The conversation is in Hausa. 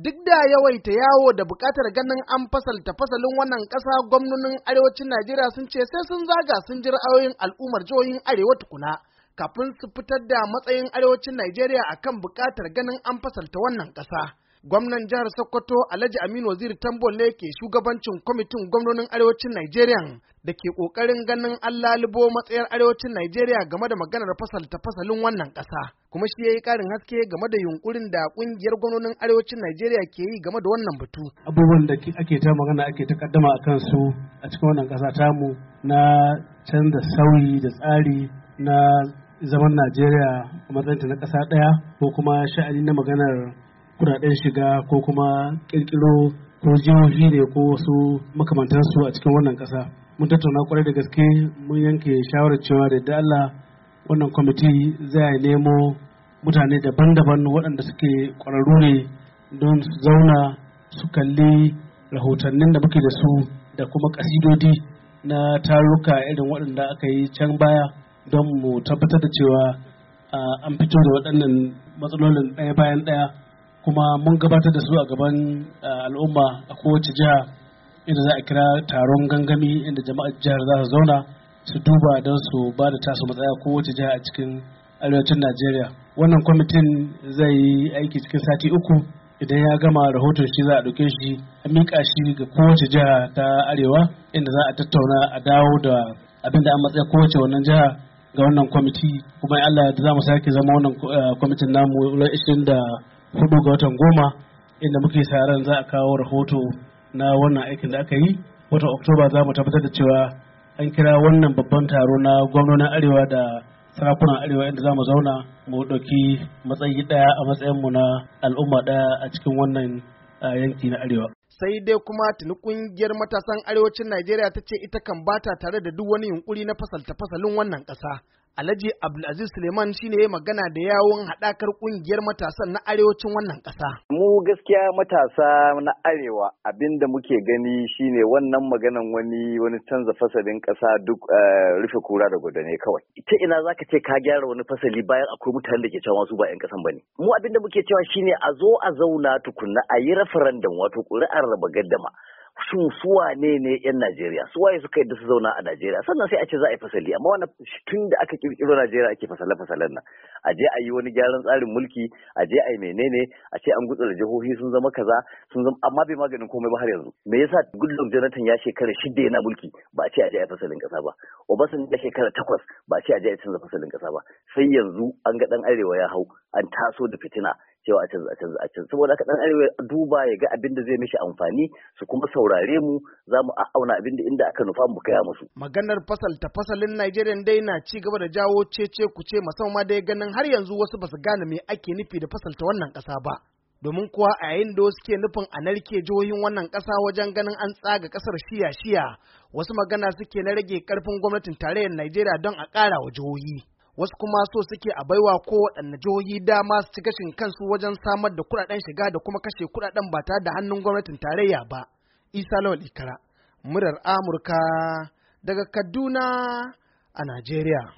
duk da yawaita yawo da bukatar ganin an fasalta fasalin wannan ƙasa gwamnonin arewacin najeriya sun ce sai sun zaga sun ji ra'ayoyin al'ummar jihohin arewa tukuna kafin su fitar da matsayin arewacin najeriya akan bukatar ganin an fasalta wannan ƙasa gwamnan jihar Sokoto Alhaji Aminu Waziri ne ke shugabancin kwamitin gwamnonin arewacin Najeriya da ke kokarin ganin an lalubo matsayar arewacin Najeriya game da maganar fasalta fasalin wannan kasa Kuma shi ya yi karin haske game da yunkurin da ƙungiyar gwamnonin arewacin Najeriya ke yi game da wannan batu. Abubuwan da ake ta magana ake ta kaddama a kan su a cikin wannan kasa tamu na canza sauyi da tsari na zaman Najeriya a matsayinta na ƙasa ɗaya ko kuma sha'ani na maganar kudaden shiga ko kuma kirkiro ko jihohi ne ko wasu makamantansu a cikin wannan kasa mun tattauna kwarai da gaske mun yanke shawarar cewa da da Allah wannan kwamiti zai nemo mutane daban-daban waɗanda suke ƙwararru ne don su zauna su kalli rahotannin da muke da su da kuma ƙasidodi na taruka irin waɗanda aka yi can baya don mu tabbatar da cewa ah, an fito da waɗannan matsalolin ɗaya bayan ɗaya kuma mun gabatar da su a gaban eh, al'umma a kowace jiha inda za a kira taron gangami inda jama'ar jihar za su zauna su duba don su ba da tasu matsaya kowace jiha a cikin arewacin najeriya wannan kwamitin zai yi aiki cikin sati uku idan ya gama rahoton shi za a dauke shi a miƙa shi ga kowace jiha ta arewa inda za a tattauna a dawo da abin da an matsaya kowace wannan jiha ga wannan kwamiti kuma allah da za mu sake zama wannan eh, kwamitin namu da. hudu ga watan goma inda muke sa ran za a kawo rahoto na wannan aikin da aka yi watan oktoba za mu tabbatar da cewa an kira wannan babban taro na gwamnonin arewa da sarakunan arewa inda za mu zauna mu ɗauki matsayi ɗaya a matsayinmu na al'umma ɗaya a cikin wannan yanki na arewa sai dai kuma tuni kungiyar matasan arewacin Najeriya ta ce ita kan bata tare da duk wani yunkuri na fasalta fasalin wannan ƙasa Alhaji Abdulaziz Suleiman shine ya magana da yawon haɗakar ƙungiyar matasan na arewacin wannan ƙasa. Mu gaskiya matasa na arewa abinda muke gani shine wannan maganan wani wani canza fasalin ƙasa duk eh, rufe kura da gudane kawai. Ita ina zaka ce ka gyara wani fasali bayan akwai mutanen da ke cewa su ba 'yan ƙasan bane. Mu abinda muke cewa shine a zo a zauna tukunna a yi referendum wato ƙuri'ar raba gaddama. sun suwa ne ne yan Najeriya suwaye suka yadda su zauna a Najeriya sannan sai a ce za a yi fasali amma wani tun da aka kirkiro Najeriya ake fasale fasalen nan a je a yi wani gyaran tsarin mulki a je a yi menene a ce an da jihohi sun zama kaza sun zama amma bai maganin komai ba har yanzu me yasa Goodluck Jonathan ya shekara shida yana mulki ba a ce a je a yi fasalin kasa ba Obasanjo ya shekara takwas ba a ce a je a yi fasalin kasa ba sai yanzu an ga dan arewa ya hau an taso da fitina cewa a canza a canza a canza saboda haka dan arewa duba ya ga abin da zai mishi amfani su kuma saurare mu za mu auna abin da inda aka nufa mu kaya musu maganar fasal ta fasalin Najeriya dai na ci gaba da jawo cece kuce musamman dai ganin har yanzu wasu basu gane me ake nufi da fasal ta wannan kasa ba domin kuwa a yayin da wasu ke nufin a narke jihohin wannan kasa wajen ganin an tsaga kasar shiya-shiya wasu magana suke na rage karfin gwamnatin tarayyar Najeriya don a kara wa jihohi. wasu kuma so suke a baiwa ko waɗanne jihohi dama su ci gashin kansu wajen samar da kuɗaɗen shiga da kuma kashe kuɗaɗen ba tare da hannun gwamnatin tarayya ba isa lawal ikara murar amurka daga kaduna a najeriya